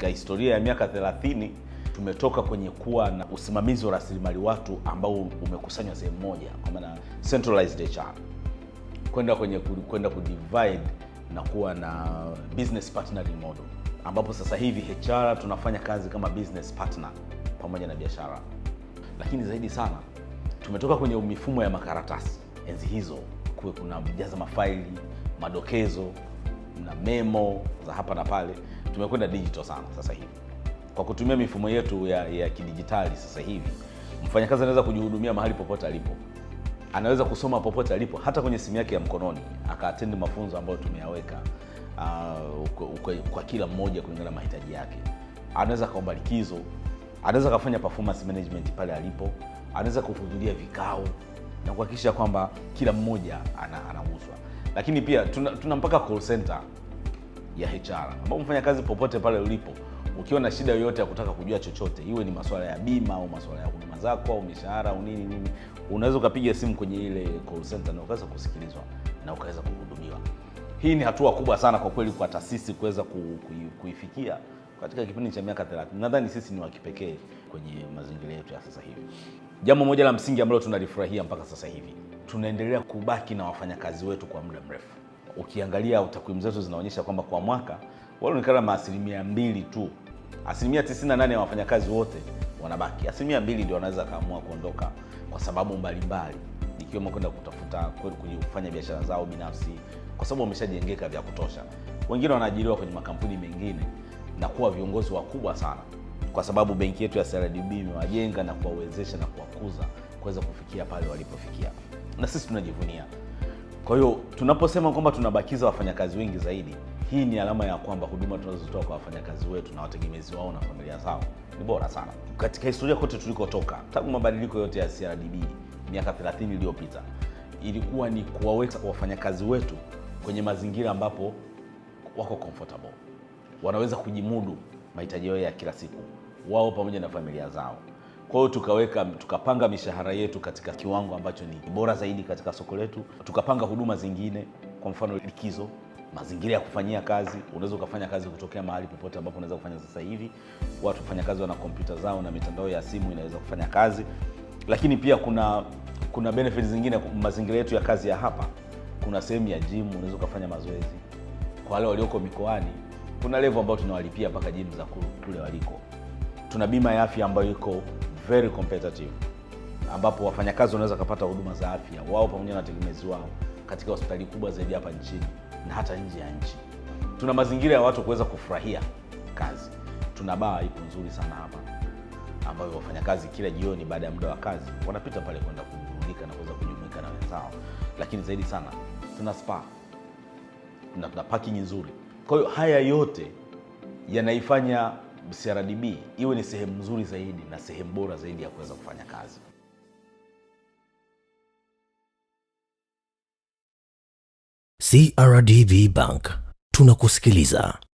katika historia ya miaka 30 tumetoka kwenye kuwa na usimamizi wa rasilimali watu ambao umekusanywa sehemu moja, kwa maana centralized HR, kwenda kwenye kwenda kudivide na kuwa na business partnering model, ambapo sasa hivi HR tunafanya kazi kama business partner pamoja na biashara. Lakini zaidi sana tumetoka kwenye mifumo ya makaratasi enzi hizo, kuwe kuna jaza mafaili, madokezo na memo za hapa na pale tumekwenda digital sana sasa hivi kwa kutumia mifumo yetu ya, ya kidijitali. Sasa hivi mfanyakazi anaweza kujihudumia mahali popote alipo, anaweza kusoma popote alipo, hata kwenye simu yake ya mkononi akaatendi mafunzo ambayo tumeyaweka uh, kwa kila mmoja kulingana na mahitaji yake. Anaweza akaomba likizo, anaweza akafanya performance management pale alipo, anaweza kuhudhuria vikao na kuhakikisha kwamba kila mmoja anauzwa ana, lakini pia tuna, tuna mpaka call center ya HR ambao mfanya kazi popote pale ulipo, ukiwa na shida yoyote ya kutaka kujua chochote, iwe ni masuala ya bima au masuala ya huduma zako au mishahara au nini nini, unaweza ukapiga simu kwenye ile call center na ukaweza kusikilizwa na ukaweza kuhudumiwa. Hii ni hatua kubwa sana kwa kweli kwa taasisi kuweza kuifikia katika kipindi cha miaka 30. Nadhani sisi ni wa kipekee kwenye mazingira yetu ya sasa hivi. Jambo moja la msingi ambalo tunalifurahia mpaka sasa hivi, tunaendelea kubaki na wafanyakazi wetu kwa muda mrefu ukiangalia takwimu zetu zinaonyesha kwamba kwa mwaka walioonekana na asilimia mbili tu, asilimia 98 ya wafanyakazi wote wanabaki, asilimia mbili ndio wanaweza kaamua kuondoka kwa sababu mbalimbali, ikiwemo kwenda kutafuta kufanya biashara zao binafsi, kwa sababu wameshajengeka vya kutosha. Wengine wanaajiriwa kwenye makampuni mengine na kuwa viongozi wakubwa sana, kwa sababu benki yetu ya CRDB imewajenga na kuwawezesha na kuwakuza kuweza kufikia pale walipofikia, na sisi tunajivunia. Kwa hiyo tunaposema kwamba tunabakiza wafanyakazi wengi zaidi, hii ni alama ya kwamba huduma tunazotoa kwa wafanyakazi wetu na wategemezi wao na familia zao ni bora sana. Katika historia kote tulikotoka, tangu mabadiliko yote ya CRDB miaka 30 iliyopita, ilikuwa ni kuwaweka wafanyakazi wetu kwenye mazingira ambapo wako comfortable, wanaweza kujimudu mahitaji yao ya kila siku wao pamoja na familia zao. Kwa hiyo tukaweka tukapanga mishahara yetu katika kiwango ambacho ni bora zaidi katika soko letu, tukapanga huduma zingine, kwa mfano likizo mazingira ya kufanyia kazi. Unaweza ukafanya kazi kutokea mahali popote ambapo unaweza kufanya. Sasa hivi watu wafanya kazi wana kompyuta zao na mitandao ya simu inaweza kufanya kazi, lakini pia kuna kuna benefits zingine. Mazingira yetu ya kazi ya hapa, kuna sehemu ya gym, unaweza ukafanya mazoezi. Kwa wale walioko mikoani, kuna level ambayo tunawalipia mpaka gym za kule waliko. Tuna bima ya afya ambayo iko very competitive, ambapo wafanyakazi wanaweza kupata huduma za afya wao pamoja na wategemezi wao katika hospitali kubwa zaidi hapa nchini na hata nje ya nchi. Tuna mazingira ya watu kuweza kufurahia kazi. Tuna baa ipo nzuri sana hapa, ambayo wafanyakazi kila jioni baada ya muda wa kazi wanapita pale kwenda kuburudika na kuweza kujumuika na wenzao, lakini zaidi sana tuna spa tuna, tuna parking nzuri. Kwa hiyo haya yote yanaifanya CRDB iwe ni sehemu nzuri zaidi na sehemu bora zaidi ya kuweza kufanya kazi. CRDB Bank tunakusikiliza.